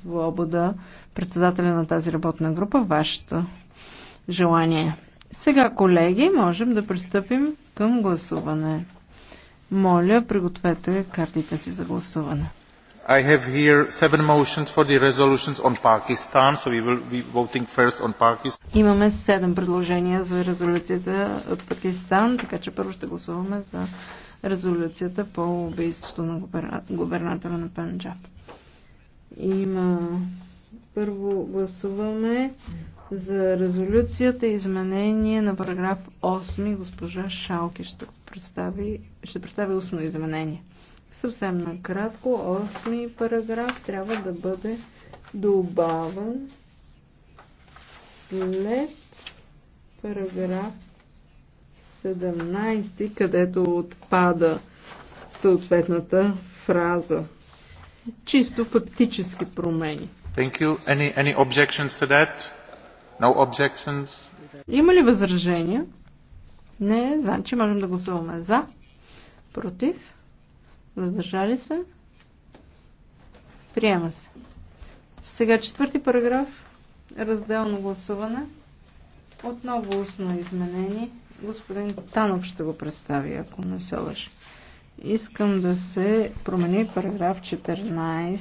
Свобода, председателя на тази работна група, вашето желание. Сега, колеги, можем да пристъпим към гласуване. Моля, пригответе картите си за гласуване. I have here seven motions for the resolutions on Pakistan, so we will be voting first on Pakistan. Имаме седем предложения за резолюцията от Пакистан, така че първо ще гласуваме за резолюцията по убийството на губернатора на Панджаб. Има. Първо гласуваме за резолюцията изменение на параграф 8. Госпожа Шалки ще представи, ще представи устно изменение. Съвсем накратко, 8 параграф трябва да бъде добавен след параграф 17, където отпада съответната фраза чисто фактически промени. Thank you. Any, any objections to that? No objections? Има ли възражения? Не, значи можем да гласуваме за, против, въздържали се, приема се. Сега четвърти параграф, разделно гласуване, отново устно изменение. Господин Танов ще го представи, ако не се лъжи. Искам да се промени параграф 14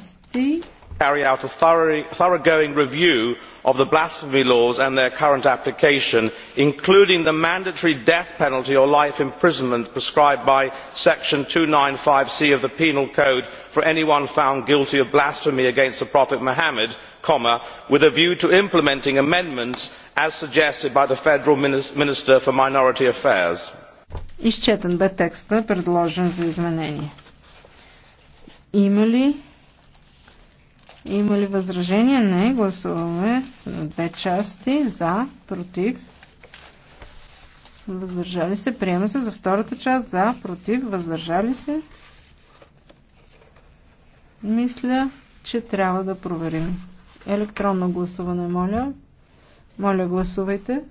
carry out a thoroughgoing review of the blasphemy laws and their current application including the mandatory death penalty or life imprisonment prescribed by section two hundred and five c of the penal code for anyone found guilty of blasphemy against the prophet muhammad with a view to implementing amendments as suggested by the federal minister for minority affairs. Изчетен бе текста, предложен за изменение. Има ли има ли възражение? Не. Гласуваме на две части. За, против. Въздържали се. Приема се за втората част. За, против. Въздържали се. Мисля, че трябва да проверим. Електронно гласуване, моля. Моля, гласувайте.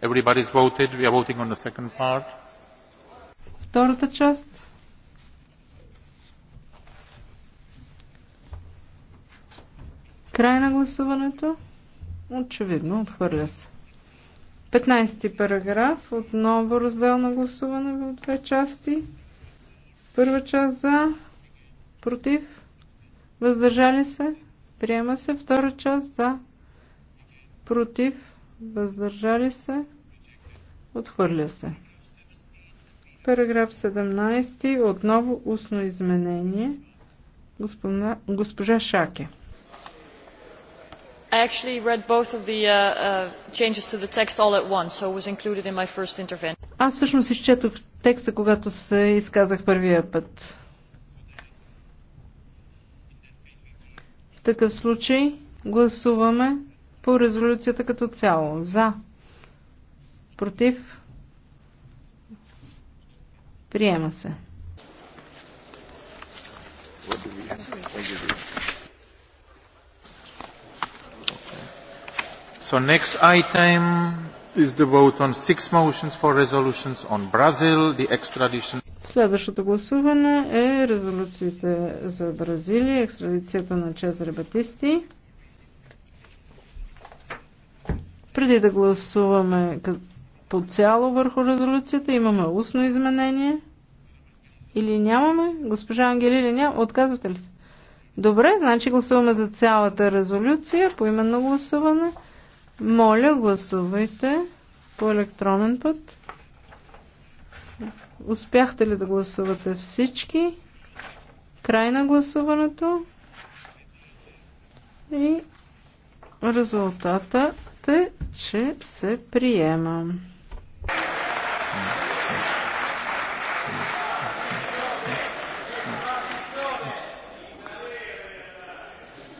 Everybody has voted. We are voting on the second part. Втората част. Край на гласуването. Очевидно, отхвърля се. 15 параграф. Отново раздел на гласуване в две части. Първа част за, против, въздържали се, приема се. Втора част за, против, въздържали се, отхвърля се. Параграф 17, отново устно изменение, госпожа, госпожа Шаке. I actually read both of the uh, uh, changes to the text all at once, so it was included in my first intervention. Аз всъщност изчетох текста, когато се изказах първия път. В такъв случай гласуваме по резолюцията като цяло. За. Против. Приема се. So next item is the vote on six motions for resolutions on Brazil, the extradition. Следващото гласуване е резолюциите за Бразилия, екстрадицията на Чезаре Батисти. Преди да гласуваме по цяло върху резолюцията, имаме устно изменение. Или нямаме? Госпожа или няма. Отказвате ли се? Добре, значи гласуваме за цялата резолюция по именно гласуване. Моля, гласувайте по електронен път. Успяхте ли да гласувате всички? Край на гласуването. И резултата Резултатът че се приема.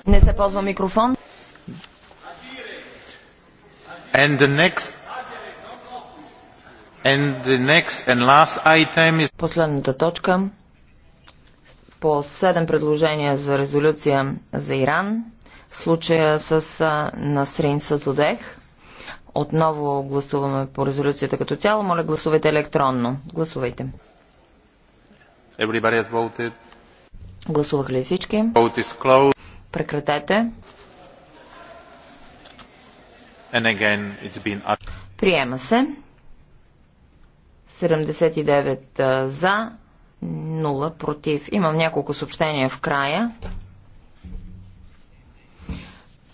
Не се ползва микрофон. And the next and the next and last item is... Последната точка по 7 предложения за резолюция за Иран случая с Насрин Сатодех. Отново гласуваме по резолюцията като цяло. Моля, гласувайте електронно. Гласувайте. Гласувах ли всички? Прекратете. Been... Приема се. 79 за, 0 против. Имам няколко съобщения в края.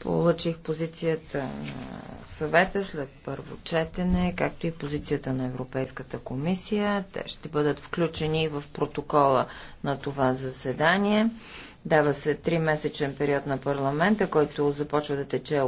Получих позицията на съвета след първо четене, както и позицията на Европейската комисия. Те ще бъдат включени в протокола на това заседание. Дава се 3-месечен период на парламента, който започва да тече